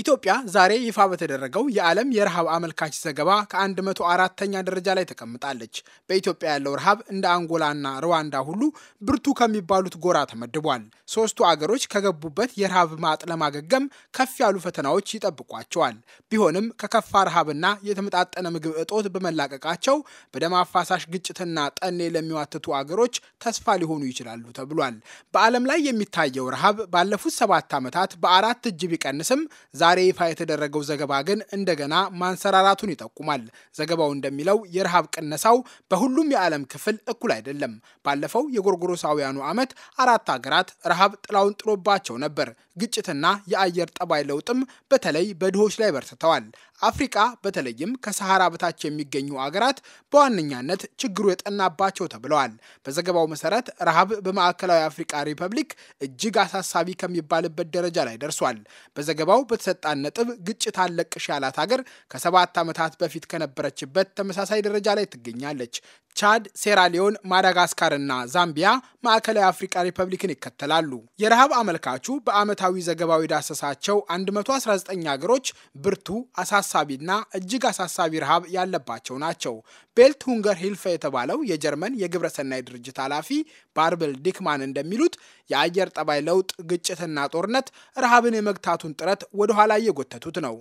ኢትዮጵያ ዛሬ ይፋ በተደረገው የዓለም የረሃብ አመልካች ዘገባ ከ104ኛ ደረጃ ላይ ተቀምጣለች። በኢትዮጵያ ያለው ረሃብ እንደ አንጎላና ሩዋንዳ ሁሉ ብርቱ ከሚባሉት ጎራ ተመድቧል። ሶስቱ አገሮች ከገቡበት የረሃብ ማጥ ለማገገም ከፍ ያሉ ፈተናዎች ይጠብቋቸዋል። ቢሆንም ከከፋ ረሃብና የተመጣጠነ ምግብ እጦት በመላቀቃቸው በደም አፋሳሽ ግጭትና ጠኔ ለሚዋትቱ አገሮች ተስፋ ሊሆኑ ይችላሉ ተብሏል። በዓለም ላይ የሚታየው ረሃብ ባለፉት ሰባት ዓመታት በአራት እጅ ቢቀንስም ዛሬ ይፋ የተደረገው ዘገባ ግን እንደገና ማንሰራራቱን ይጠቁማል። ዘገባው እንደሚለው የረሃብ ቅነሳው በሁሉም የዓለም ክፍል እኩል አይደለም። ባለፈው የጎርጎሮሳውያኑ ዓመት አራት ሀገራት ረሃብ ጥላውን ጥሎባቸው ነበር። ግጭትና የአየር ጠባይ ለውጥም በተለይ በድሆች ላይ በርትተዋል። አፍሪቃ በተለይም ከሰሃራ በታች የሚገኙ አገራት በዋነኛነት ችግሩ የጠናባቸው ተብለዋል። በዘገባው መሰረት ረሃብ በማዕከላዊ አፍሪቃ ሪፐብሊክ እጅግ አሳሳቢ ከሚባልበት ደረጃ ላይ ደርሷል። በዘገባው በተሰ በቀጣን ነጥብ ግጭት አለቅሽ ያላት ሀገር ከሰባት ዓመታት በፊት ከነበረችበት ተመሳሳይ ደረጃ ላይ ትገኛለች። ቻድ፣ ሴራሊዮን፣ ማዳጋስካር እና ዛምቢያ ማዕከላዊ አፍሪካ ሪፐብሊክን ይከተላሉ። የረሃብ አመልካቹ በዓመታዊ ዘገባዊ ዳሰሳቸው 119 ሀገሮች ብርቱ፣ አሳሳቢና እጅግ አሳሳቢ ረሃብ ያለባቸው ናቸው። ቤልት ሁንገር ሂልፈ የተባለው የጀርመን የግብረሰናይ ድርጅት ኃላፊ ባርብል ዲክማን እንደሚሉት የአየር ጠባይ ለውጥ፣ ግጭትና ጦርነት ረሃብን የመግታቱን ጥረት ወደ ወደኋላ እየጎተቱት ነው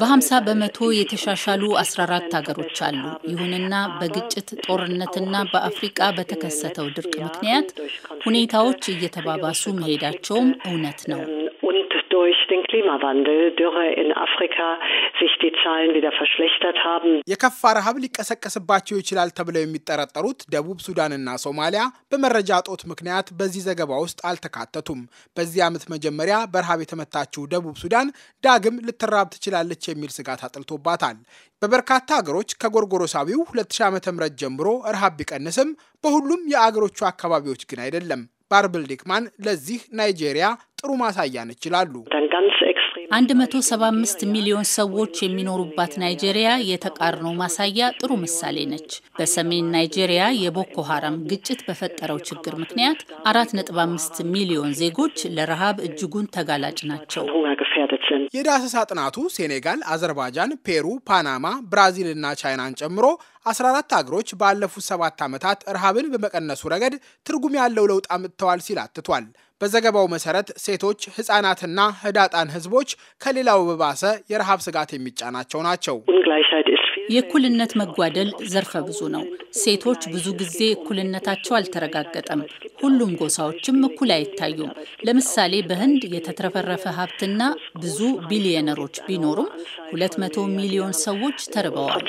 በሀምሳ በመቶ የተሻሻሉ አራት ሀገሮች አሉ። ይሁንና በግጭት ጦርነትና በአፍሪቃ በተከሰተው ድርቅ ምክንያት ሁኔታዎች እየተባባሱ መሄዳቸውም እውነት ነው። sich die Zahlen wieder verschlechtert haben። የከፋ ረሃብ ሊቀሰቀስባቸው ይችላል ተብለው የሚጠረጠሩት ደቡብ ሱዳንና ሶማሊያ በመረጃ ጦት ምክንያት በዚህ ዘገባ ውስጥ አልተካተቱም። በዚህ ዓመት መጀመሪያ በረሃብ የተመታችው ደቡብ ሱዳን ዳግም ልትራብ ትችላለች የሚል ስጋት አጥልቶባታል። በበርካታ አገሮች ከጎርጎሮሳዊው 2000 ዓ ም ጀምሮ ረሃብ ቢቀንስም በሁሉም የአገሮቹ አካባቢዎች ግን አይደለም። ባርብል ዲክማን ለዚህ ናይጄሪያ ጥሩ ማሳያ ነች ይላሉ። 175 ሚሊዮን ሰዎች የሚኖሩባት ናይጄሪያ የተቃርኖ ማሳያ ጥሩ ምሳሌ ነች። በሰሜን ናይጄሪያ የቦኮ ሀራም ግጭት በፈጠረው ችግር ምክንያት 4.5 ሚሊዮን ዜጎች ለረሃብ እጅጉን ተጋላጭ ናቸው። ዳሰሳችን። የዳሰሳ ጥናቱ ሴኔጋል፣ አዘርባይጃን፣ ፔሩ፣ ፓናማ፣ ብራዚል እና ቻይናን ጨምሮ 14 አገሮች ባለፉት ሰባት ዓመታት ረሃብን በመቀነሱ ረገድ ትርጉም ያለው ለውጥ አምጥተዋል ሲል አትቷል። በዘገባው መሰረት ሴቶች፣ ህጻናትና ህዳጣን ህዝቦች ከሌላው በባሰ የረሃብ ስጋት የሚጫናቸው ናቸው። የእኩልነት መጓደል ዘርፈ ብዙ ነው። ሴቶች ብዙ ጊዜ እኩልነታቸው አልተረጋገጠም። ሁሉም ጎሳዎችም እኩል አይታዩም። ለምሳሌ በህንድ የተትረፈረፈ ሀብትና ብዙ ቢሊዮነሮች ቢኖሩም 200 ሚሊዮን ሰዎች ተርበዋል።